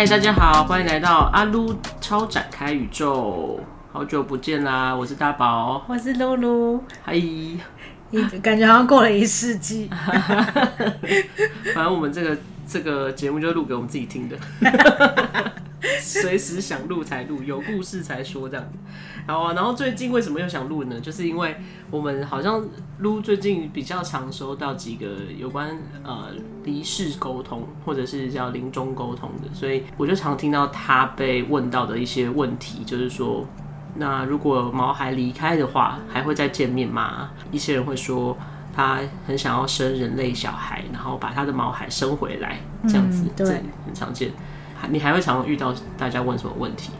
嗨、hey，大家好，歡迎來到阿擼超展開宇宙，好久不見啦！我是大寶，我是露露，嗨，感覺好像過了一世紀， 反正我們這個這個節目就是錄給我們自己聽的。 隨 時想錄才錄，有故事才說這樣。然後、啊，然後最近為什麼又想錄呢？就是因為我們好像錄最近比較常收到幾個有關呃離世溝通或者是叫臨終溝通的，所以我就常聽到他被問到的一些問題，就是說，那如果毛孩離開的話，還會再見面嗎？一些人會說他很想要生人類小孩，然後把他的毛孩生回來，這樣子、嗯、對，這很常見。你還會常常遇到大家問什麼問題？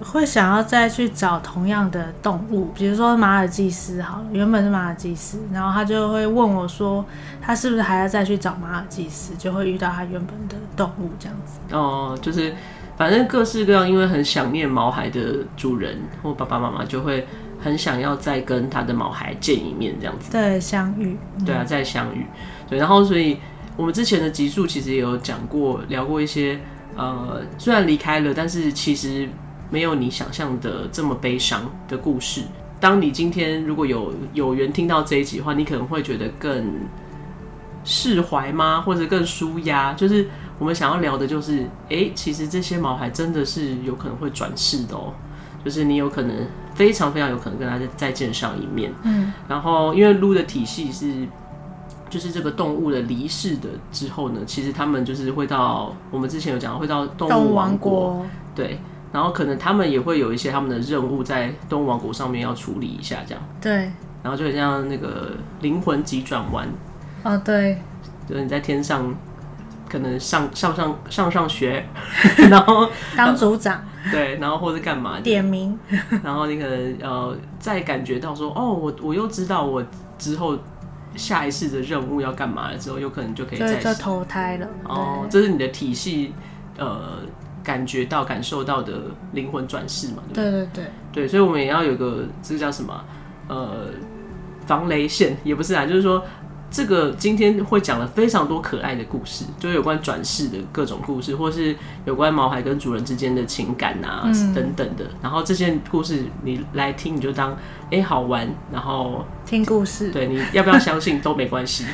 會想要再去找同樣的動物，比如說馬爾濟斯好了，原本是馬爾濟斯，然後他就會問我說，他是不是還要再去找馬爾濟斯，就會遇到他原本的動物這樣子。哦，就是反正各式各樣，因為很想念毛孩的主人或爸爸媽媽，就會很想要再跟他的毛孩見一面，這樣子。對，相遇，嗯。對啊，再相遇。對，然後所以我們之前的集數其實也有講過，聊過一些。呃，雖然離開了，但是其實沒有你想象的這麼悲傷的故事。當你今天如果有有緣聽到這一集的話，你可能會覺得更釋懷嗎？或者更舒壓？就是我們想要聊的，就是欸，其實這些毛孩真的是有可能會轉世的哦。就是你有可能非常非常有可能跟他再再見上一面。嗯，然後因為擼的體系是。就是這個動物的離世的之後呢，其實他們就是會到我們之前有講到會到動物王國，物王國對，然後可能他們也會有一些他們的任務在動物王國上面要處理一下這樣對，然後就像那個靈魂急轉彎哦對，就是你在天上可能上上上上上學，然 後當組主長 對，然後或者幹嘛 點名， 然後你可能呃再感覺到說哦，我我又知道我之後。下一次的任務要幹嘛了之後，有可能就可以再以就投胎了。哦，oh, 這是你的體系，呃，感覺到、感受到的靈魂轉世嘛？對對，對對對，對，所以我們也要有一個這個叫什麼，呃，防雷線也不是啊，就是說。這個今天會講了非常多可愛的故事，就是有關轉世的各種故事，或是有關毛孩跟主人之間的情感吶、啊嗯、等等的。然後這些故事你來聽，你就當哎好玩，然後聽故事。對，你要不要相信都沒關係。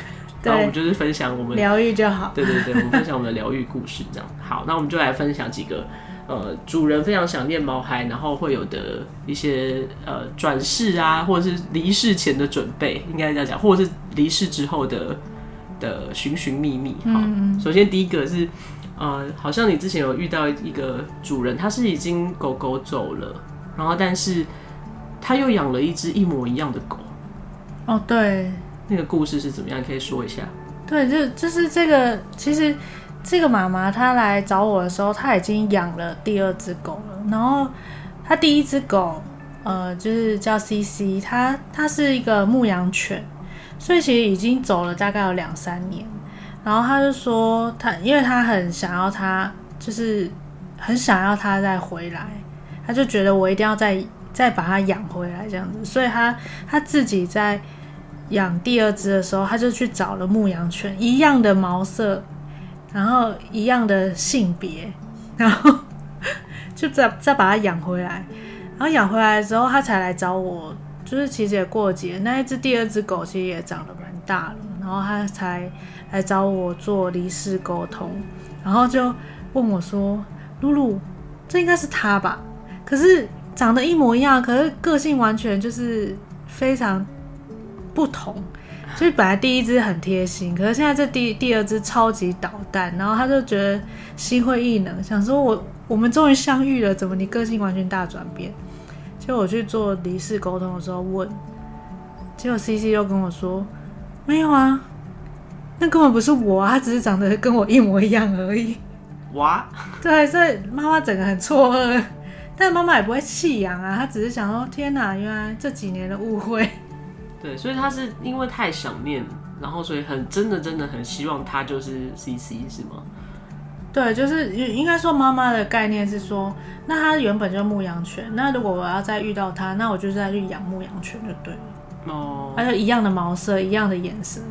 那 我們就是分享我們療癒就好。對對對，我們分享我們的療癒故事，這樣。好，那我們就來分享幾個。呃，主人非常想念毛孩，然後會有的一些呃轉世啊，或者是離世前的準備，應該這樣講，或者是離世之後的的尋尋覓覓哈。首先第一個是呃，好像你之前有遇到一個主人，他是已經狗狗走了，然後但是他又養了一隻一模一樣的狗。哦，對，那個故事是怎麼樣？可以說一下？對，就就是這個，其實。這個媽媽她來找我的時候，她已經養了第二隻狗了。然後她第一隻狗，呃，就是叫 CC，它它是一個牧羊犬，所以其實已經走了大概有兩三年。然後她就說，她因為她很想要它，就是很想要它再回來，她就覺得我一定要再再把它養回來這樣子。所以她她自己在養第二隻的時候，她就去找了牧羊犬一樣的毛色，然後一樣的性別，然後就再再把它養回來，然後養回來之後，它才來找我。就是其實也過了幾年，那一隻第二隻狗其實也長得蠻大了，然後它才來找我做離世溝通，然後就問我說：“露露，這應該是它吧？可是長得一模一樣，可是個性完全就是非常不同。”所以本來第一隻很貼心，可是現在這第第二隻超級搗蛋，然後他就覺得心灰意冷，想說我我們終於相遇了，怎麼你個性完全大轉變？結果我去做離世溝通的時候問，結果 CC 又跟我說沒有啊，那根本不是我啊，他只是長得跟我一模一樣而已。哇！對，所以媽媽整個很錯愕，但媽媽也不會棄養啊，她只是想說天哪啊，原來這幾年的誤會。對，所以他是因為太想念，然後所以很真的真的很希望他就是 CC 是嗎？對，就是應該說媽媽的概念是說，那他原本就牧羊犬，那如果我要再遇到他，那我就再去養牧羊犬就對了。哦，oh，他就一樣的毛色，一樣的顏色，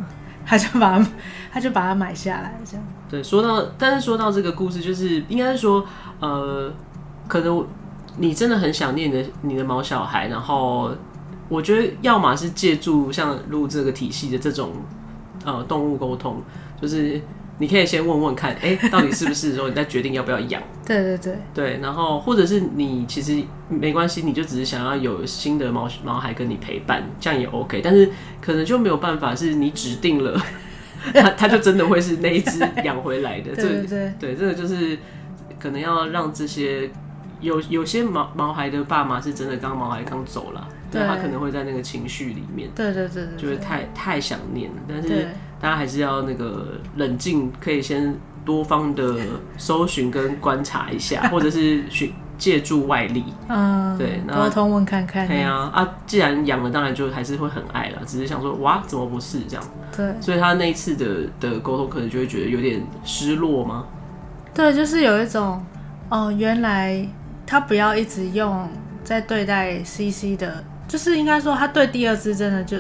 他就把他，他就把它買下來這樣。對，說到，但是說到這個故事，就是應該說呃，可能你真的很想念你的你的毛小孩，然後。我覺得，要麼是借助像入這個體系的這種呃動物溝通，就是你可以先問問看，欸、到底是不是的時候你再決定要不要養。對對對，對。然後，或者是你其實沒關係，你就只是想要有新的毛毛孩跟你陪伴，這樣也 OK。但是，可能就沒有辦法是你指定了，它 它就真的會是那一隻養回來的。 對對對，對，這個就是可能要讓這些。有有些毛毛孩的爸媽是真的，剛毛孩剛走了，對他可能會在那個情緒裡面，對對對，對，對，就是太太想念了。但是大家還是要那個冷靜，可以先多方的搜尋跟觀察一下， 或者是尋借助外力，嗯，對，溝通問看看。對啊，啊，既然養了，當然就還是會很愛了，只是想說哇，怎麼不是這樣？對，所以他那一次的的溝通，可能就會覺得有點失落嗎？對，就是有一種哦，原來。他不要一直用在對待 C C 的，就是應該說他對第二隻真的就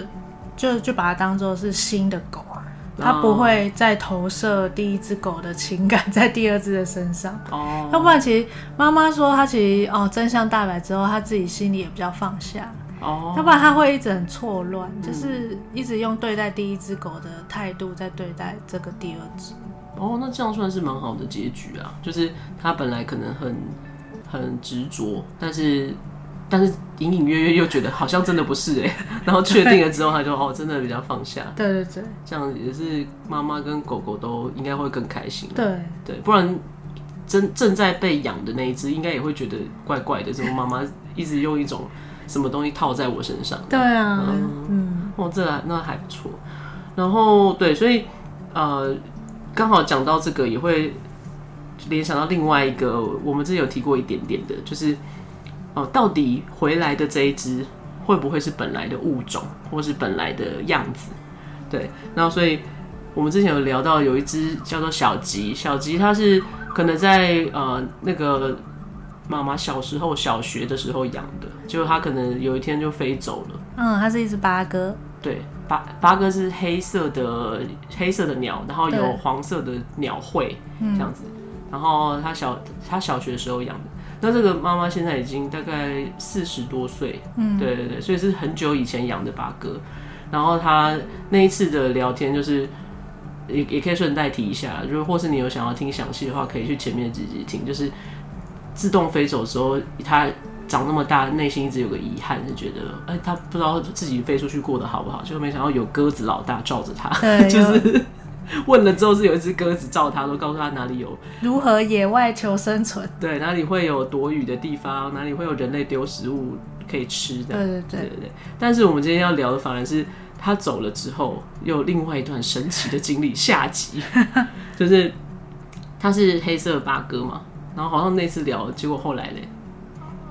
就就把它當做是新的狗啊，oh. 他不會再投射第一隻狗的情感在第二隻的身上。哦、oh.，要不然其實媽媽說他其實哦真相大白之後他自己心裡也比較放下。哦、oh.，要不然他會一直很錯亂，就是一直用對待第一隻狗的態度在對待這個第二隻。哦、oh,，那這樣算是蠻好的結局啊，就是他本來可能很。很執着但是但是隱隱約約又覺得好像真的不是哎、欸， 然後確定了之後，他就哦，真的比較放下。對對對，這樣也是媽媽跟狗狗都應該會更開心。對對，不然正正在被養的那一隻應該也會覺得怪怪的，怎麼媽媽一直用一種什麼東西套在我身上？對啊，嗯，哦，這個、那還不錯。然後對，所以呃，剛好講到這個也會，聯想到另外一個，我們之前有提過一點點的，就是哦、呃，到底回來的這一只會不會是本來的物種，或是本來的樣子？對，然後所以我們之前有聊到，有一只叫做小吉，小吉它是可能在呃那個媽媽小時候小學的時候養的，結果它可能有一天就飛走了。嗯，它是一只八哥。對，八八哥是黑色的黑色的鳥，然後有黃色的鳥喙，這樣子。嗯然後他小他小學的時候養的，那這個媽媽現在已經大概四十多歲，嗯，對對對，所以是很久以前養的八哥。然後他那一次的聊天，就是也也可以順帶提一下，如果或是你有想要聽詳細的話，可以去前面自己聽。就是自動飛走的時候，他長那麼大，內心一直有個遺憾，就覺得哎，他不知道自己飛出去過得好不好，就沒想到有鴿子老大罩着他， 就是。 問了之後是有一隻鴿子，照他，都告訴他哪裡有如何野外求生存。對，哪裡會有躲雨的地方，哪裡會有人類丟食物可以吃的。對對對，對，對，對，但是我們今天要聊的反而是他走了之後又有另外一段神奇的經歷。下集 就是他是黑色的八哥嘛，然後好像那次聊，結果後來嘞，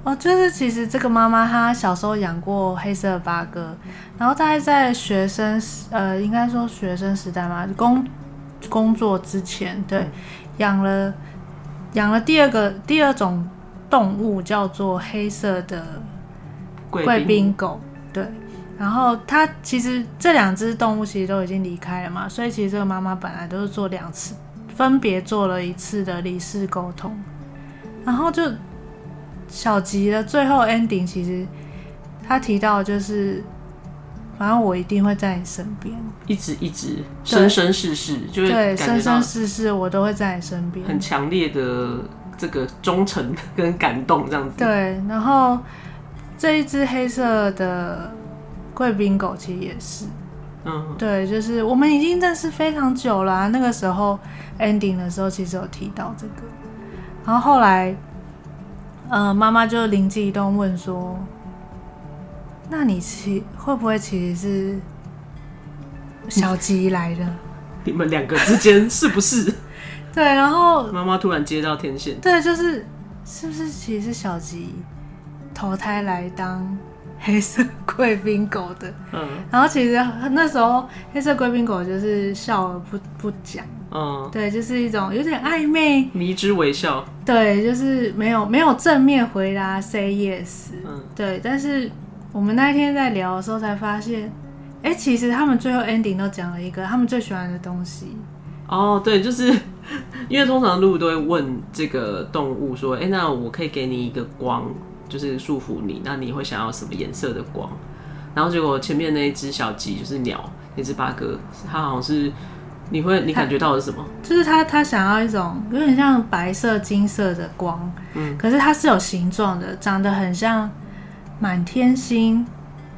哦，就是其實這個媽媽她小時候養過黑色八哥，然後大概在學生，呃，應該說學生時代嘛，工。工作之前，對，養了養了第二個第二種動物，叫做黑色的貴賓狗貴賓，對。然後它其實這兩隻動物其實都已經離開了嘛，所以其實這個媽媽本來都是做兩次，分別做了一次的離世溝通，然後就小吉的最後 ending，其實他提到就是。反正我一定會在你身邊，一直一直，生生世世就會。對，生生世世我都會在你身邊。很強烈的這個忠誠跟感動這樣子。對，然後這一只黑色的貴賓狗其實也是，嗯，對，就是我們已經認識非常久了啊。那個時候 ending 的時候其實有提到這個，然後後來，呃，媽媽就靈機一動問說。那你其會不會其實是小吉來的？ 你們兩個之間是不是？ 對，然後媽媽突然接到天線，對，就是是不是其實是小吉投胎來當黑色貴賓狗的？嗯，然後其實那時候黑色貴賓狗就是笑而不不講，嗯，對，就是一種有點曖昧、迷之微笑，對，就是沒有沒有正面回答，say yes，嗯，對，但是。我們那天在聊的時候才發現，哎，其實他們最後 ending 都講了一個他們最喜歡的東西。哦，對，就是因為通常露露都會問這個動物說：“哎，那我可以給你一個光，就是束縛你，那你會想要什麼顏色的光？”然後結果前面那一只小雞就是鳥，那只八哥，它好像是你會，你感覺到的是什麼？就是它它想要一種有點像白色金色的光，嗯，可是它是有形狀的，長得很像。滿天星，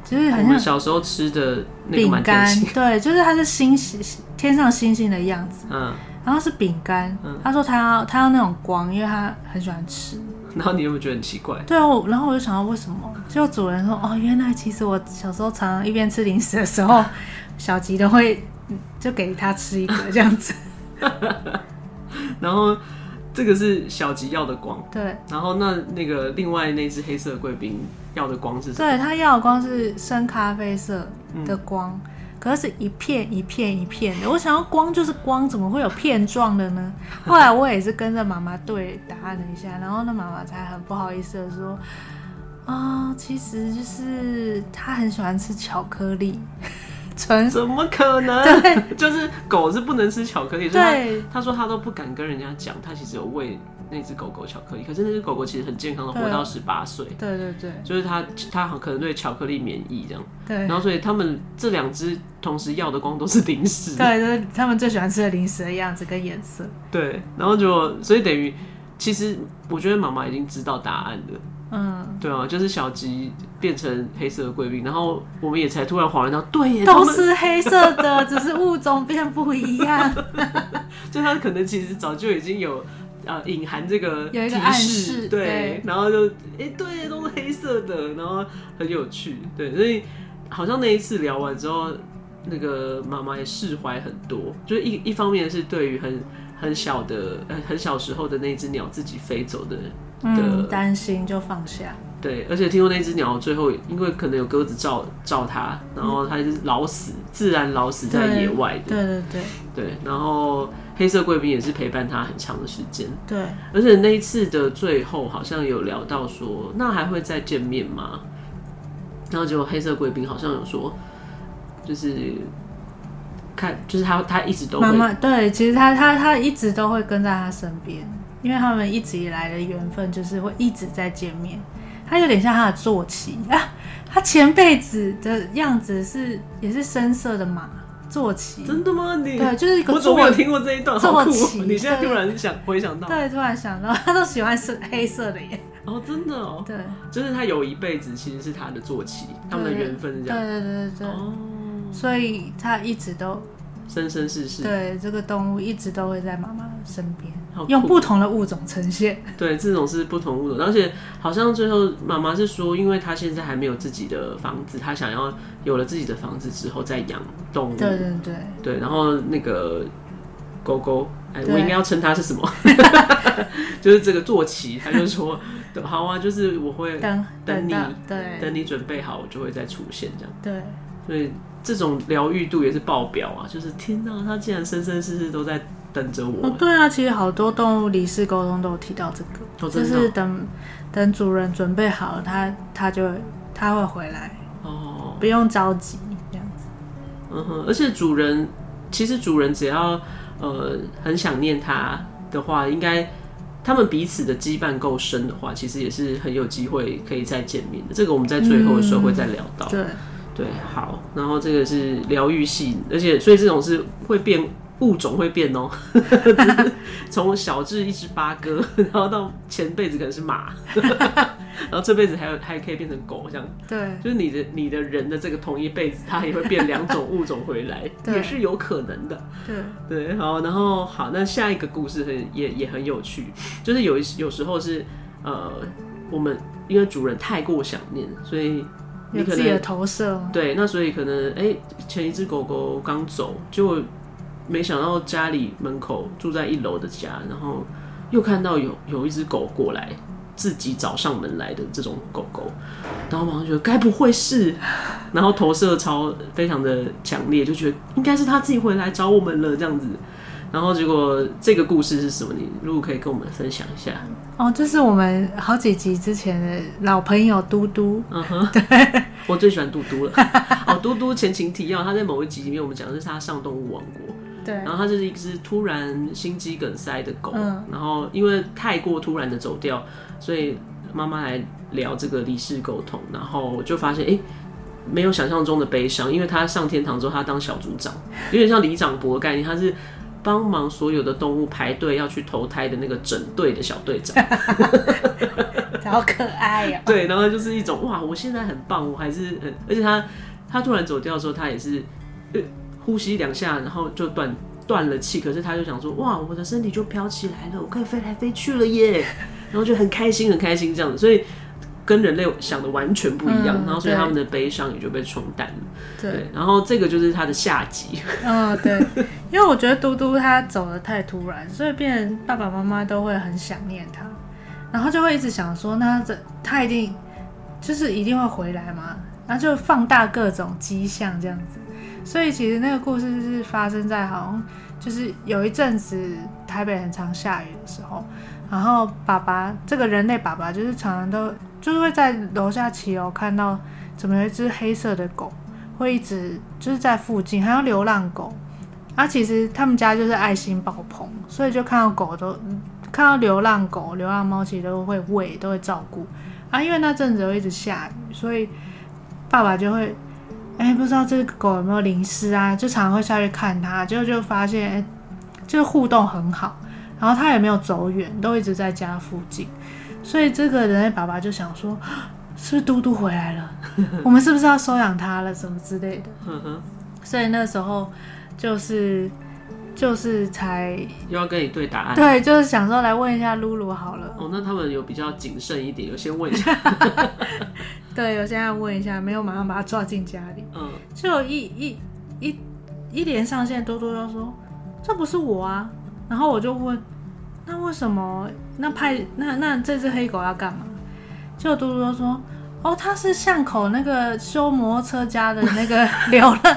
就是很像小時候吃的餅乾，對，就是它是星星，天上星星的樣子，嗯，然後是餅乾、嗯。他說他要他要那種光，因為他很喜歡吃。然後你有沒有覺得很奇怪？對啊，然後我就想到為什麼？就主人說：“哦，原來其實我小時候常常一邊吃零食的時候，小吉都會就給他吃一個這樣子。 ”然後這個是小吉要的光，對。然後那那個另外那隻黑色貴賓。要的光是什麼？對，他要的光是深咖啡色的光，嗯、可是，是一片一片一片的。我想要光就是光，怎麼會有片狀的呢？ 後來我也是跟着媽媽對答案了一下，然後那媽媽才很不好意思的說：“啊、哦，其實就是他很喜歡吃巧克力。”純怎麼可能？ 對，就是狗是不能吃巧克力。對，他說他都不敢跟人家講，他其實有餵。那隻狗狗巧克力。可是那隻狗狗其實很健康的活到十八歲。對對對，就是它它很可能對巧克力免疫這樣。對。然後所以他們這兩隻同時要的光都是零食，對，就是他們最喜歡吃的零食的樣子跟顏色。對，然後就所以等於其實我覺得媽媽已經知道答案了。嗯，對啊，就是小吉變成黑色的貴賓，然後我們也才突然恍然到，對，也都是黑色的， 只是物種變不一樣。 就它可能其實早就已經有。啊，隱含這個提示，有一個暗示，對，然後就誒、欸，對，都是黑色的，然後很有趣，對，所以好像那一次聊完之後，那個媽媽也釋懷很多，就是一一方面是對於很很小的、很小時候的那只鳥自己飛走的，的嗯，擔心就放下，對，而且聽說那只鳥最後因為可能有鴿子照照它，然後它就是老死、嗯，自然老死在野外的，對對，對對，對，然後。黑色貴賓也是陪伴他很長的時間，對。而且那一次的最後好像有聊到說，那還會再見面嗎？然後結果黑色貴賓好像有說，就是看，就是他他一直都媽媽對，其實他他他一直都會跟在他身邊，因為他們一直以來的緣分就是會一直再見面。他有點像他的坐騎啊，他前輩子的樣子是也是深色的馬。坐騎，真的嗎你？你對，就是我怎麼沒有聽過這一段，好酷！坐騎你現在突然想回想到對，對，突然想到，他都喜歡是黑色的耶。哦，真的哦，對，就是他有一輩子其實是他的坐騎，他們的緣分是這樣，對對對對對。哦，所以他一直都生生世世，對這個動物一直都會在媽媽身邊。用不同的物種呈現，對，這種是不同物種，而且好像最後媽媽是說，因為她現在還沒有自己的房子，她想要有了自己的房子之後再養動物。對對對，對，然後那個狗狗，哎，我應該要稱它是什麼？ 就是這個坐騎，他就說：“好啊，就是我會等你等你，對，等你準備好，我就會再出現。”這樣，對，所以這種療癒度也是爆表啊！就是天哪，啊，他竟然生生世世都在。等着我、哦。對啊，其實好多動物離世溝通都有提到這個，哦哦、就是等等主人準備好了，他，他就他會回來哦，不用着急這樣子。嗯哼，而且主人其實主人只要呃很想念他的話，應該他們彼此的羈絆夠深的話，其實也是很有機會可以再見面的。這個我們在最後的時候會再聊到。嗯、對對，好，然後這個是療癒系，而且所以這種是會變。物種會變哦，從小隻一只八哥，然後到前輩子可能是馬，然後這輩子還有還可以變成狗這樣。對，就是你的你的人的這個同一輩子，它也會變兩種物種回來，也是有可能的。對對，好，然後好，那下一個故事很也也很有趣，就是有一有時候是呃，我們因為主人太過想念，所以你可能自己的投射，對，那所以可能哎，前一只狗狗剛走就。沒想到家裡門口住在一樓的家，然後又看到有有一隻狗過來，自己找上門來的這種狗狗，然後馬上覺得該不會是，然後投射超非常的強烈，就覺得應該是他自己回來找我們了這樣子。然後結果這個故事是什麼？你如果可以跟我們分享一下哦，這是我們好幾集之前的老朋友嘟嘟，嗯哼，對，我最喜歡嘟嘟了。哦，嘟嘟前情提要，他在某一集裡面，我們講的是他上動物王國。對，然後它就是一只突然心肌梗塞的狗，嗯，然後因為太過突然的走掉，所以媽媽來聊這個離世溝通，然後我就發現哎，沒有想象中的悲傷，因為它上天堂之後，它當小組長，有點像里長伯的概念，它是幫忙所有的動物排隊要去投胎的那個整隊的小隊長，好 可愛呀、哦！ 對，然後就是一種哇，我現在很棒，我還是很，而且它它突然走掉的時候，它也是。呃呼吸兩下，然後就斷斷了氣。可是他就想說：“哇，我的身體就飄起來了，我可以飛來飛去了耶！”然後就很開心，很開心這樣子。所以跟人類想的完全不一樣。嗯、然後所以他們的悲傷也就被沖淡了，對。對。然後這個就是他的下集。啊、嗯，對。因為我覺得嘟嘟他走得太突然， 所以變爸爸媽媽都會很想念他，然後就會一直想說：“那他這他一定就是一定會回來嘛？”然後就放大各種跡象這樣子。所以其實那個故事是發生在好像就是有一陣子台北很常下雨的時候，然後爸爸這個人類爸爸就是常常都就是會在樓下騎樓看到怎麼有一隻黑色的狗會一直就是在附近，還有流浪狗。啊，其實他們家就是愛心爆棚，所以就看到狗都看到流浪狗、流浪貓，其實都會餵都會照顧啊。因為那陣子都一直下雨，所以爸爸就會。哎，不知道這個狗有沒有淋濕啊？就常常會下去看它，結果就發現，誒，就互動很好，然後它也沒有走遠，都一直在家附近，所以這個人類爸爸就想說，是不是嘟嘟回來了？我們是不是要收養它了？什麼之類的。所以那時候就是。就是才又要跟你對答案，對，就是想說，來問一下露露好了。哦，那他們有比較謹慎一點，有先問一下。 對，有現在問一下，沒有馬上把他抓進家裡。嗯，就一一一一連上線，多多都說：“這不是我啊。”然後我就問：“那為什麼？那派那那這隻黑狗要幹嘛？”就多多說。”哦，他是巷口那個修摩托車家的那個流浪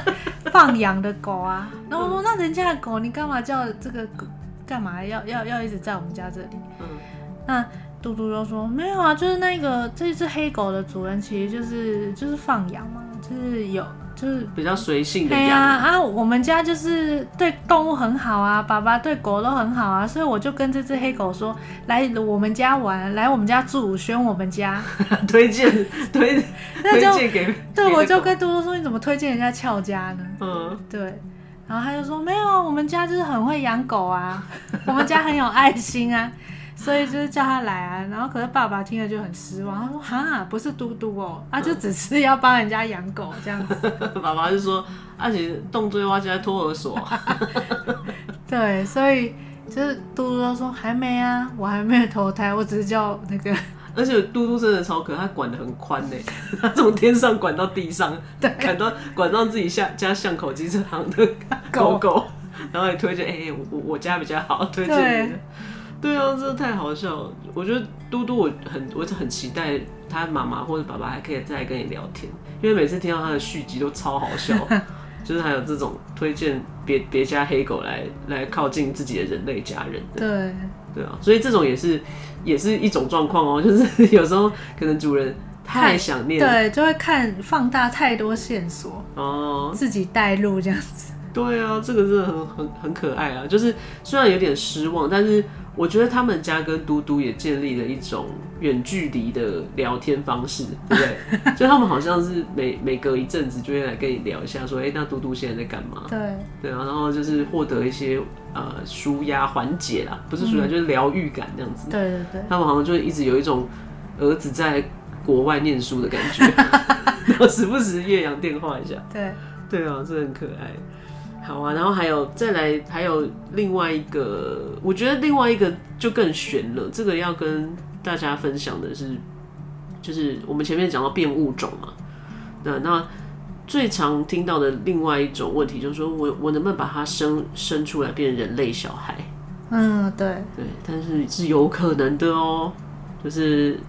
放養的狗啊。那我說，那人家的狗，你幹嘛叫這個狗？幹嘛要要要一直在我們家這裡？嗯，那嘟嘟就說沒有啊，就是那個這一隻黑狗的主人其實就是就是放養嘛，啊，就是有。就是比較隨性的養。對啊，啊，我們家就是對動物很好啊，爸爸對狗都很好啊，所以我就跟這只黑狗說，來我們家玩，來我們家住，選我們家，推薦推 那就推薦給。對，我就跟多多說，你怎麼推薦人家翹家呢？嗯、uh-huh，對。然後他就說，沒有，啊，我們家就是很會養狗啊，我們家很有愛心啊。 所以就是叫他來啊，然後可是爸爸聽了就很失望，他說：“哈，不是嘟嘟哦、喔，啊，就只是要幫人家養狗這樣子。 ”爸爸就說：“其實動作的話就在托兒所。 ”對，所以就是嘟嘟都說：“還沒啊，我還沒有投胎，我只是叫那個。”而且嘟嘟真的超可愛，他管得很寬呢，他從天上管到地上，對，管到管到自己下家巷口，機車行的狗狗，狗然後也推薦，哎、欸，我我家比較好，推薦。對啊，真的太好笑了。我覺得嘟嘟，我很我很期待他媽媽或者爸爸還可以再跟你聊天，因為每次聽到他的續集都超好笑， 就是還有這種推薦別別家黑狗來來靠近自己的人類家人的。對對啊，所以這種也是也是一種狀況哦，就是有時候可能主人太想念，對，就會看放大太多線索哦，自己帶路這樣子。對啊，這個真的很很很可愛啊，就是雖然有點失望，但是。我覺得他們家跟嘟嘟也建立了一種遠距離的聊天方式，對不對？所 以他們好像是每每隔一陣子就會來跟你聊一下，說：“哎、欸，那嘟嘟現在在幹嘛？”對對啊，然後就是獲得一些呃舒壓緩解啦，不是舒壓、嗯、就是療癒感這樣子。對對對，他們好像就一直有一種兒子在國外念書的感覺， 然後時不時越洋電話一下。對對啊，這很可愛。好啊，然後還有再來，還有另外一個，我覺得另外一個就更玄了。這個要跟大家分享的是，就是我們前面講到變物種嘛，對，那那最常聽到的另外一種問題就是說我，我我能不能把它生生出來變人類小孩？嗯，對對，但是是有可能的哦、喔。就是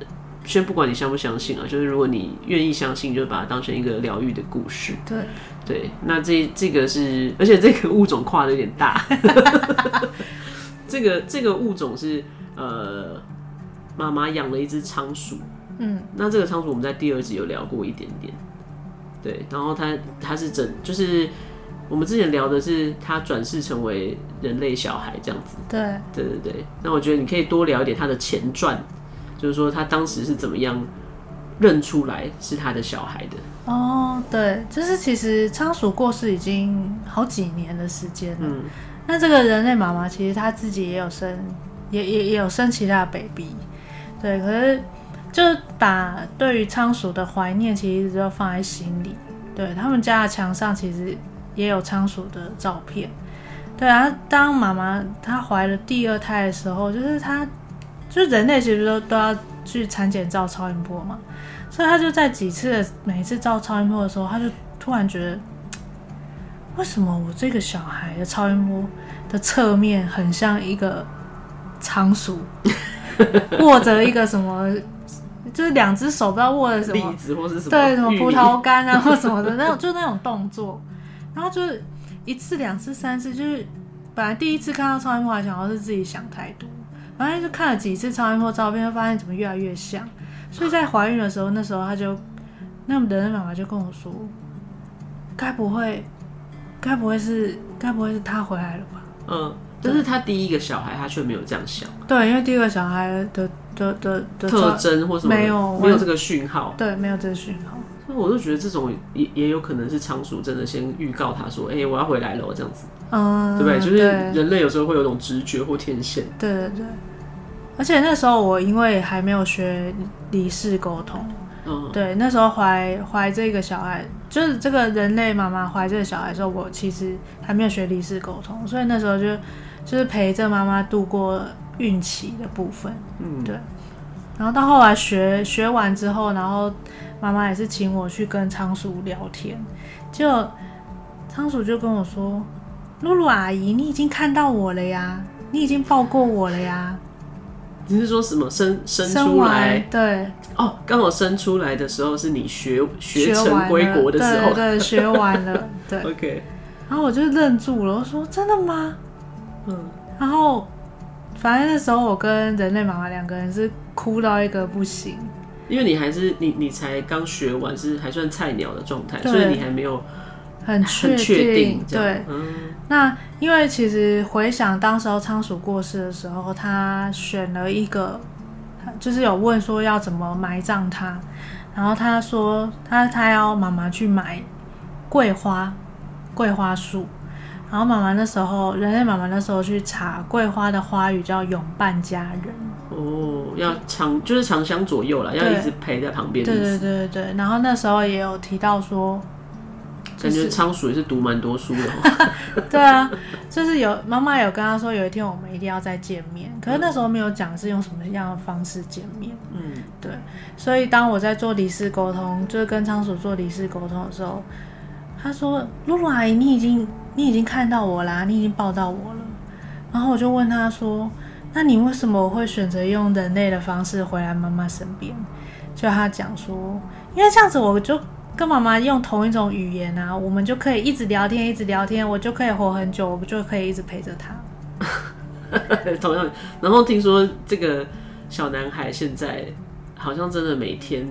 先不管你相不相信啊，就是如果你願意相信，就把它當成一個療癒的故事。對。對，那這這個是，而且這個物種跨得有點大， 這個這個物種是呃，媽媽養了一隻倉鼠，嗯，那這個倉鼠我們在第二集有聊過一點點，對，然後它它是整就是我們之前聊的是它轉世成為人類小孩這樣子，對，對對對，那我覺得你可以多聊一點它的前傳，就是說它當時是怎麼樣認出來是他的小孩的。哦，對，就是其實倉鼠過世已經好幾年的時間了。嗯，那這個人類媽媽其實她自己也有生，也也，也有生其他的 baby，對。可是就把對於倉鼠的懷念，其實一直都放在心裡。對，他們家的牆上其實也有倉鼠的照片。對啊，當媽媽她懷了第二胎的時候，就是她就是人類，其實都都要去產檢照超音波嘛。所以他就在幾次的每一次照超音波的時候，他就突然覺得，為什麼我這個小孩的超音波的側面很像一個倉鼠， 握着一個什麼，就是兩隻手不知道握着什麼，栗子或是什麼，對，什麼葡萄乾啊 或什麼的，那種就那種動作。然後就是一次、兩次、三次，就是本來第一次看到超音波還想要是自己想太多，然後就看了幾次超音波照片，發現怎麼越來越像。所以在懷孕的時候，那時候他就，那我們的媽媽就跟我說，該不會，該不會是，該不會是他回來了吧？嗯，但是他第一個小孩他卻沒有這樣想啊。對，因為第一個小孩的的的的特徵或什麼沒有沒有這個訊號。對，沒有這個訊號。所以我就覺得這種也也有可能是倉鼠真的先預告他說，哎，欸，我要回來了這樣子。嗯，對不對？就是人類有時候會有種直覺或天線。對對對。而且那時候我因為還沒有學離世溝通，嗯，對，那時候懷懷這個小孩，就是這個人類媽媽懷這個小孩的時候，我其實還沒有學離世溝通，所以那時候就就是陪着媽媽度過孕期的部分，嗯，對。然後到後來學學完之後，然後媽媽也是請我去跟倉鼠聊天，結果倉鼠就跟我說：“露露阿姨，你已經看到我了呀，你已經抱過我了呀。”你、就是說什麼生生出來生對哦？剛好生出來的時候是你學學成歸國的時候，對，對，對，學完了， 對。OK，然後我就愣住了，我說真的嗎？嗯。然後反正那時候我跟人類媽媽兩個人是哭到一個不行，因為你還是你你才剛學完，是還算菜鳥的狀態，所以你還沒有很確很確定，對。那因為其實回想當時候倉鼠過世的時候，他選了一個，就是有問說要怎麼埋葬他，然後他說他他要媽媽去買桂花桂花樹，然後媽媽那時候，人類媽媽那時候去查桂花的花語叫永伴家人哦，要長就是長相左右啦，要一直陪在旁邊。對對對對對。然後那時候也有提到說。就是、感覺倉鼠也是讀蠻多書的、哦， 對啊，就是有媽媽有跟他說，有一天我們一定要再見面，可是那時候沒有講是用什麼樣的方式見面，嗯，對，所以當我在做離世溝通，就是跟倉鼠做離世溝通的時候，他說：“露露阿姨，你已經你已經看到我啦，你已經抱到我了。”然後我就問他說：“那你為什麼會選擇用人類的方式回來媽媽身邊？”就他講說：“因為這樣子我就。”跟媽媽用同一種語言啊，我們就可以一直聊天，一直聊天，我就可以活很久，我就可以一直陪着她。 同樣，然後聽說這個小男孩現在好像真的每天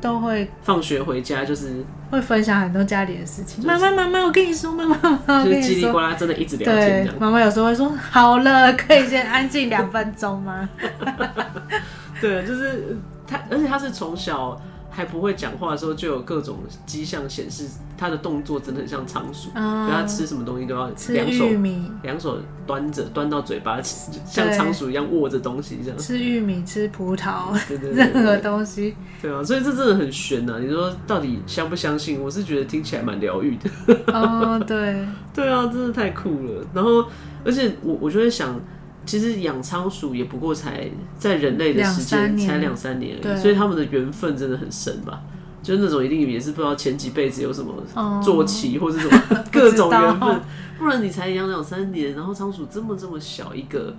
都會放學回家，就是會,會分享很多家裡的事情。媽媽，媽媽，我跟你說，媽媽，媽媽，就是嘰裡呱啦，真的一直聊天。媽媽有時候會說：“好了，可以先安靜兩分鐘嗎？” 對，就是他，而且他是從小。還不會講話的時候，就有各種跡象顯示，他的動作真的很像倉鼠。啊、嗯，它吃什麼東西都要兩，吃玉米，兩手端着端到嘴巴，像倉鼠一樣握着東西這樣。吃玉米，吃葡萄，任何、這個、東西。對啊，所以這真的很玄吶、啊。你說到底相不相信？我是覺得聽起來蠻療癒的。哦，對，對啊，真的太酷了。然後，而且我我就會想。其實養倉鼠也不過才在人類的時間才兩三年，兩三年、哦，所以他們的緣分真的很深吧？就那種一定也是不知道前幾輩子有什麼坐騎、哦、或是什麼各種緣分不，不然你才養兩三年，然後倉鼠這麼這麼小一個，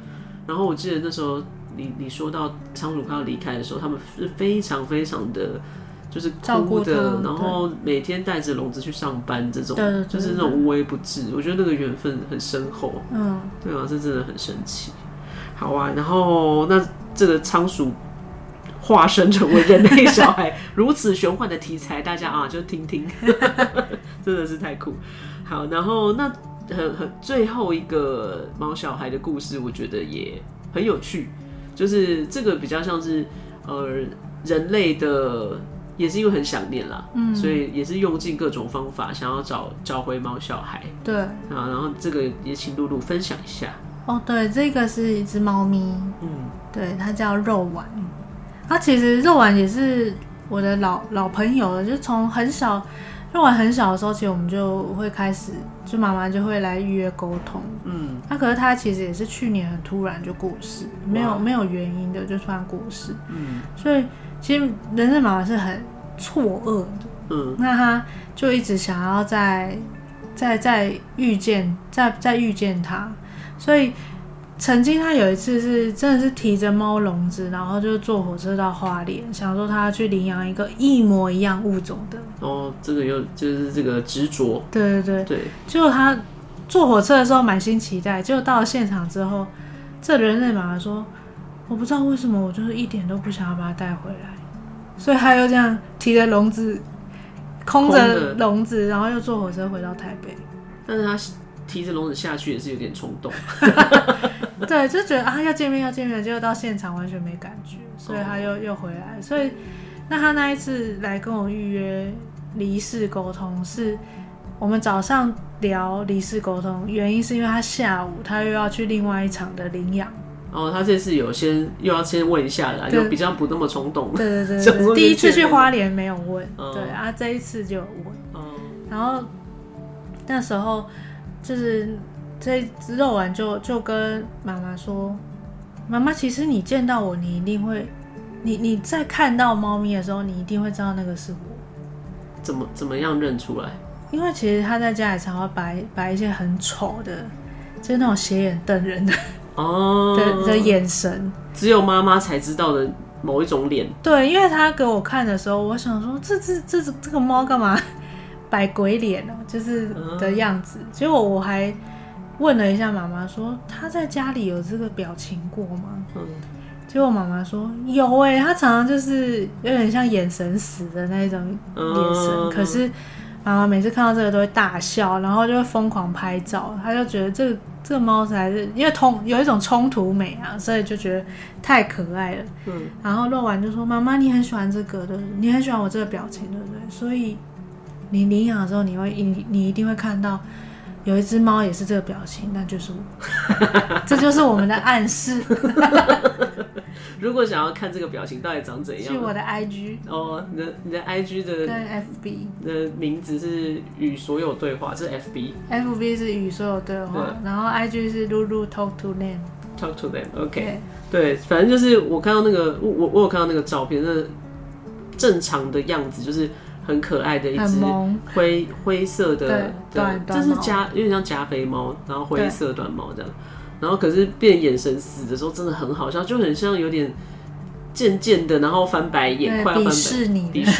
然後我記得那時候你你說到倉鼠快要離開的時候，他們是非常非常的。就是照顧的，然後每天帶着籠子去上班，這種就是那種無微不至。我覺得那個緣分很深厚，嗯，對啊，這真的很神奇。好啊，然後那這個倉鼠化身成為人類小孩，如此玄幻的題材，大家啊就聽聽，真的是太酷。好，然後那很很最後一個貓小孩的故事，我覺得也很有趣，就是這個比較像是呃人類的。也是因為很想念啦，嗯，所以也是用盡各種方法想要找找回貓小孩，對啊，然後這個也請露露分享一下哦。對，這個是一隻貓咪，嗯，對，它叫肉丸，它其實肉丸也是我的老老朋友了，就是從很小肉丸很小的時候，其實我們就會開始就媽媽就會來預約溝通，嗯，那、啊、可是它其實也是去年很突然就過世，沒有沒有原因的就突然過世，嗯，所以。其實人類媽媽是很錯愕的，嗯，那他就一直想要再、再、再遇見、再、再遇見他，所以曾經他有一次是真的是提着貓籠子，然後就坐火車到花蓮，想說他要去領養一個一模一樣物種的。哦，這個又就是這個執着，對對對對，結果他坐火車的時候滿心期待，結果到了現場之後，這人類媽媽說。我不知道為什麼，我就是一點都不想要把它帶回來，所以他又這樣提着籠子，空着籠子，然後又坐火車回到台北。但是他提着籠子下去也是有點衝動， 對，就覺得啊要見面要見面，結果到現場完全沒感覺，所以他又又回來。所以那他那一次來跟我預約離世溝通，是我們早上聊離世溝通，原因是因為他下午他又要去另外一場的領養。然、哦、後他這次有先又要先問一下啦，就，嗯、比較不那麼衝動。對對對,對,對、那個，第一次去花蓮沒有問，嗯、對啊，這一次就問。嗯、然後那時候就是這隻肉丸就就跟媽媽說：“媽媽，其實你見到我，你一定會，你你在看到貓咪的時候，你一定會知道那個是我。”怎麼怎麼樣認出來？因為其實他在家裡常會擺擺一些很醜的，就是那種斜眼瞪人的。哦、oh，，的眼神，只有媽媽才知道的某一種臉。對，因為他給我看的時候，我想說，這這這這個貓幹嘛擺鬼臉啊，就是的樣子。Oh. 結果我還問了一下媽媽，說他在家裡有這個表情過嗎？Oh. 結果媽媽說有誒、欸，他常常就是有點像眼神死的那一種眼神，oh. 可是。啊！每次看到這個都會大笑，然後就會瘋狂拍照。他就覺得這個這個貓才是，因為同有一種衝突美啊，所以就覺得太可愛了。嗯，然後肉丸就說：“媽媽，你很喜歡這個的，你很喜歡我這個表情，對不對？所以你領養的時候，你會你一定會看到。”有一只貓也是這個表情，那就是我， 這就是我們的暗示。 如果想要看這個表情到底長怎樣，是我的 IG 哦，oh, 你的你的 IG 的對 FB 的，名字是與所有對話，是 FB，FB FB 是與所有對話，對然後 IG 是 Ruru talk to them，talk to them，OK，、okay. 對,對，反正就是我看到那個，我我我有看到那個照片，是正常的樣子，就是。很可愛的一隻灰灰色的，對，短短毛，對，這是加，有點像加菲貓，然後灰色短毛這樣。然後可是變眼神死的時候，真的很好笑，就很像有點漸漸的，然後翻白眼，快要翻白眼，鄙視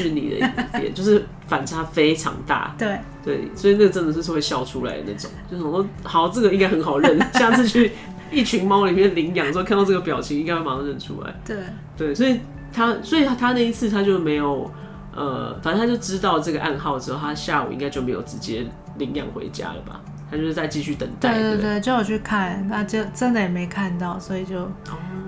你的一點，就是反差非常大。對對，所以那個真的是會笑出來的那種，就是我說好，這個應該很好認，下次去一群貓裡面領養的時候，看到這個表情，應該會馬上認出來。對對，所以他所以他那一次他就沒有。呃，反正他就知道這個暗號之後，他下午應該就沒有直接領養回家了吧？他就是在繼續等待。對，對對，就我去看，那就真的也沒看到，所以就、哦、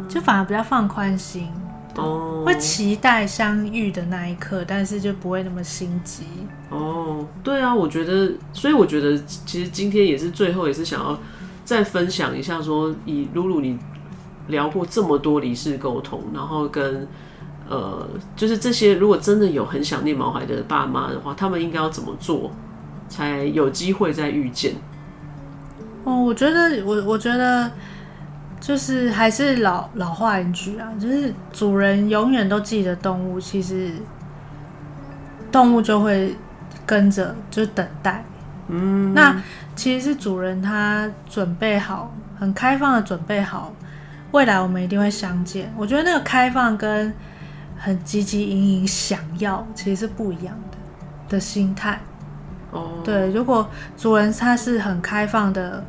就反而比較放寬心、哦、會期待相遇的那一刻，但是就不會那麼心急哦。對啊，我覺得，所以我覺得，其實今天也是最後也是想要再分享一下，說以露露你聊過這麼多離世溝通，然後跟。呃，就是這些，如果真的有很想念毛孩的爸媽的話，他們應該要怎麼做，才有機會再遇見？哦、嗯，我覺得，我我覺得，就是還是老老話一句啊，就是主人永遠都記得動物，其實動物就會跟着，就是等待。嗯，那其實是主人他準備好，很開放的準備好，未來我們一定會相見。我覺得那個開放跟很汲汲營營想要，其實是不一樣的的心態。哦，對，如果主人他是很開放的，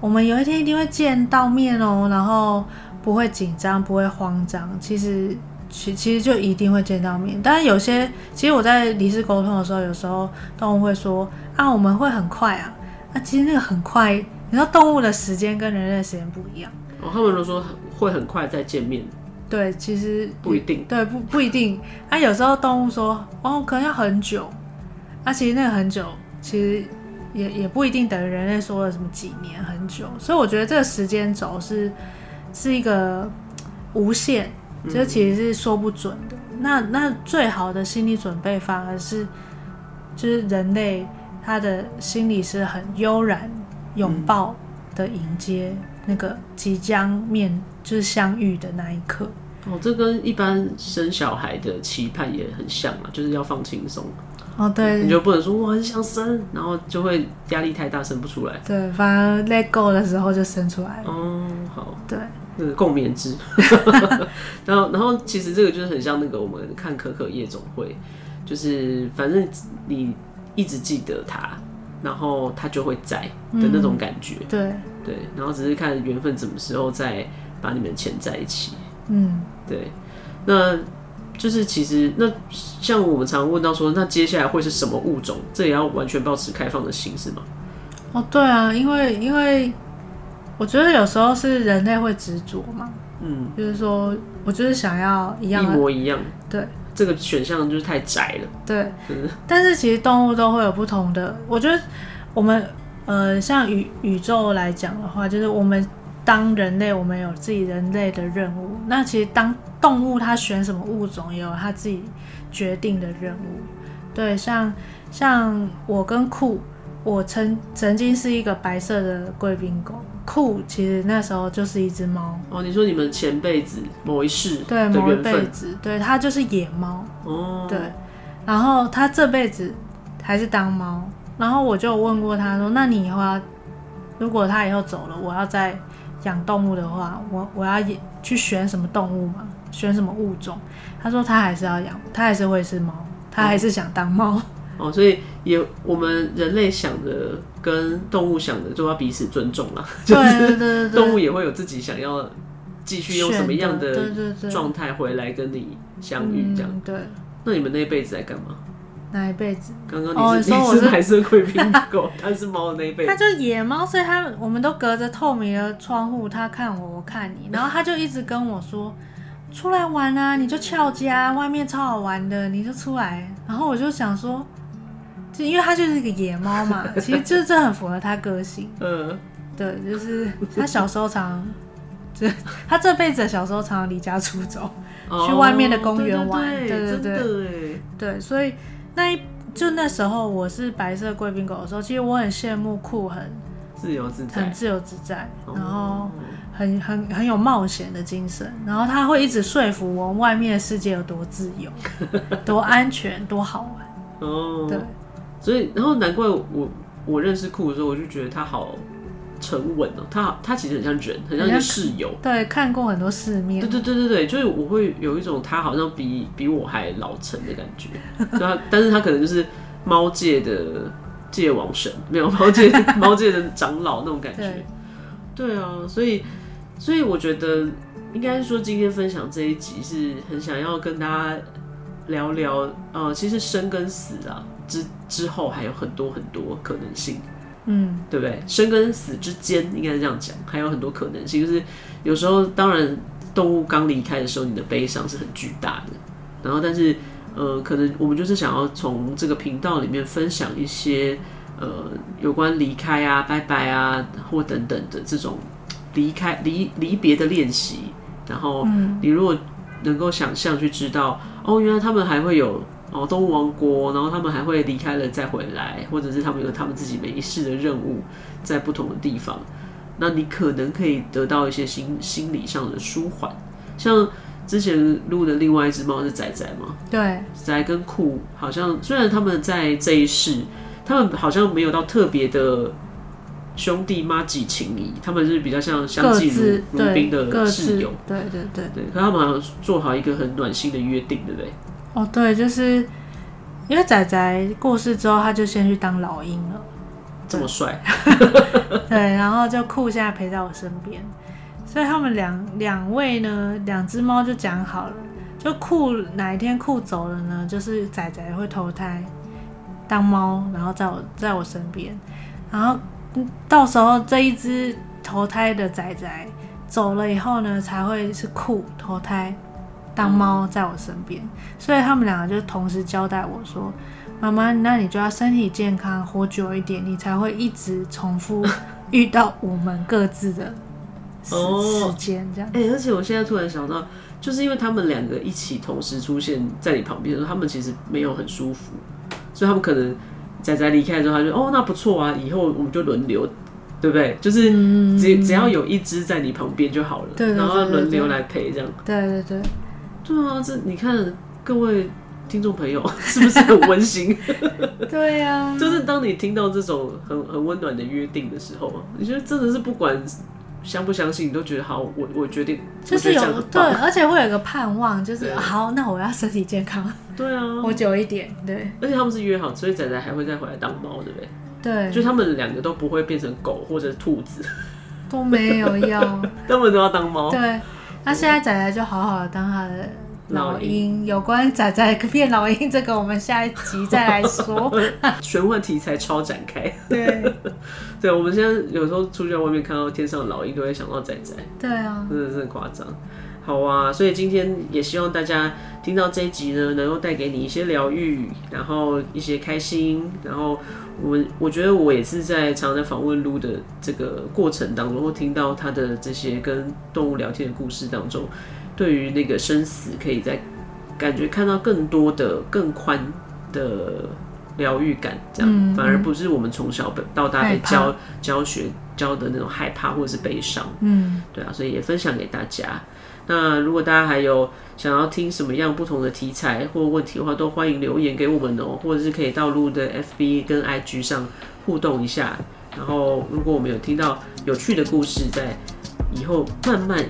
我們有一天一定會見到面哦，然後不會緊張，不會慌張。其實，其其實就一定會見到面。但是有些，其實我在離世溝通的時候，有時候動物會說啊，我們會很快啊，啊，其實那個很快，你說動物的時間跟人類的時間不一樣。哦，他們都說會很快再見面。對，其實不一定。對，不不一定。啊，有時候動物說，哦，可能要很久。那、啊、其實那個很久，其實也也不一定等於人類說了什麼幾年很久。所以我覺得這個時間軸是是一個無限，這、嗯，就是、其實是說不準的。那那最好的心理準備方，反而是就是人類他的心裡是很悠然擁抱的迎接。嗯那個即將面就是相遇的那一刻哦，這跟一般生小孩的期盼也很像嘛，就是要放輕鬆哦。對，對，對。你，你就不能說我很想生，然後就會壓力太大，生不出來。對，反而 let go 的時候就生出來了。哦，好，對，那個共勉之， 然後然後其實這個就是很像那個我們看可可夜總會，就是反正你一直記得他，然後他就會在的那種感覺。嗯、對。對，然後只是看緣分什麼時候再把你們牽在一起。嗯，對。那就是其實那像我們常問到說，那接下來會是什麼物種？這也要完全保持開放的心，是嗎？哦，對啊，因為因為我覺得有時候是人類會執着嘛。嗯，就是說，我就是想要一樣一模一樣。對，這個選項就是太窄了。對、嗯。但是其實動物都會有不同的，我覺得我們。呃，像宇宇宙來講的話，就是我們當人類，我們有自己人類的任務。那其實當動物，它選什麼物種，也有它自己決定的任務。對，像像我跟酷，我曾曾經是一個白色的貴賓狗，酷其實那時候就是一隻貓。哦，你說你們前輩子某一世？對，某一輩子，對，它就是野貓。哦，對，然後他這輩子還是當貓。然後我就問過他，說：“那你以後要，如果他以後走了，我要再養動物的話，我我要也去選什麼動物嘛？選什麼物種？”他說：“他還是要養，他還是會是貓，他還是想當貓。哦”哦，所以也我們人類想的跟動物想的，就要彼此尊重啦，對對對對 就是動物也會有自己想要繼續用什麼樣的狀態回來跟你相遇，這樣對，對，對，、嗯、對。那你們那一輩子在幹嘛？那一輩子，剛剛你是、oh, 你說我是還 是貴賓狗？它是貓的那一輩子，它就野貓，所以它我們都隔着透明的窗戶，它看我，我看你，然後它就一直跟我說：“出來玩啊！”你就翹家，外面超好玩的，你就出來。然後我就想說，就因為它就是一個野貓嘛， 其實就是這很符合它個性。嗯， 對，就是他小時候常，就他這輩子小時候常常離家出走，oh, 去外面的公園玩。對對對，對、對、對、欸對，所以。那一，就那時候我是白色貴賓狗的時候，其實我很羨慕酷很，很自由自在，很自由自在，然後很很很有冒險的精神，然後他會一直說服我外面的世界有多自由、 多安全、多好玩。哦， 對，所以然後難怪我我認識酷的時候，我就覺得他好。沉穩哦、喔，他他其實很像人，很像一個室友，對，看過很多世面，對對對對對，就是我會有一種他好像比比我還老成的感覺， 但是他可能就是貓界的界王神，沒有貓界貓 界的長老那種感覺，對，對啊，所以所以我覺得應該說今天分享這一集是很想要跟大家聊聊，呃，其實生跟死啊之之後還有很多很多可能性。嗯，對不對？生跟死之間應該是這樣講，還有很多可能性。就是有時候，當然動物剛離開的時候，你的悲傷是很巨大的。然後，但是呃，可能我們就是想要從這個頻道裡面分享一些呃有關離開啊、拜拜啊或等等的這種離開離離別的練習。然後，你如果能夠想象去知道，哦，原來他們還會有。哦，動物王國，然後他們還會離開了再回來，或者是他們有他們自己每一世的任務，在不同的地方。那你可能可以得到一些心心理上的舒緩。像之前錄的另外一隻貓是仔仔嗎？對，仔跟酷好像雖然他們在這一世，他們好像沒有到特別的兄弟麻吉情誼，他們是比較像相敬如賓的室友，對對對對。對可他們好像做好一個很暖心的約定，對不對？哦，oh，對，就是因為仔仔過世之後，他就先去當老鷹了，這麼帥。 對，然後就酷現在陪在我身邊，所以他們兩兩位呢，兩隻貓就講好了，就酷哪一天酷走了呢，就是仔仔會投胎當貓，然後在我在我身邊，然後到時候這一隻投胎的仔仔走了以後呢，才會是酷投胎。當貓在我身邊、嗯，所以他們兩個就同時交代我說：“媽媽，那你就要身體健康，活久一點，你才會一直重複遇到我們各自的時、哦、間這樣。哎、欸，而且我現在突然想到，就是因為他們兩個一起同時出現在你旁邊，他們其實沒有很舒服，所以他們可能仔仔離開之後，他就哦，那不錯啊，以後我們就輪流，對不對？就是只、嗯、只要有一只在你旁邊就好了，對對對對對，然後輪流來陪這樣。對對對，對，對。對啊，這你看各位聽眾朋友是不是很溫馨？ 對呀、啊，就是當你聽到這種很很溫暖的約定的時候，你覺得真的是不管相不相信，你都覺得好，我我決定就是有對，而且會有一個盼望，就是、啊、好，那我要身體健康，對啊，活久一點，對。而且他們是約好，所以仔仔還會再回來當貓，對不對？對，就他們兩個都不會變成狗或者兔子，都沒有要， 他們都要當貓，對。他 現在仔仔就好好當他的老鷹。有關仔仔變老鷹這個，我們下一集再來說。玄幻題材超展開。對， 對，我們現在有時候出去在外面看到天上的老鷹，都會想到仔仔。對啊，真的是很誇張。好啊，所以今天也希望大家聽到這一集呢，能夠帶給你一些療癒，然後一些開心。然後我我覺得我也是在常常訪問 Ru 的這個過程當中，或聽到他的這些跟動物聊天的故事當中，對於那個生死，可以在感覺看到更多的、更寬的療癒感，這樣。嗯嗯，反而不是我們從小到大在教教學教的那種害怕或者是悲傷。嗯，對啊，所以也分享給大家。那如果大家還有想要聽什麼樣不同的題材或問題的話，都歡迎留言給我們哦、喔，或者是可以到 Ru 的 FB 跟 IG 上互動一下。然後如果我們有聽到有趣的故事，再以後慢慢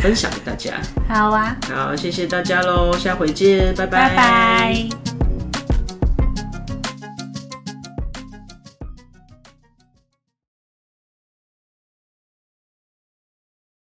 分享給大家。好啊，好，謝謝大家嘍，下回見，拜拜。啊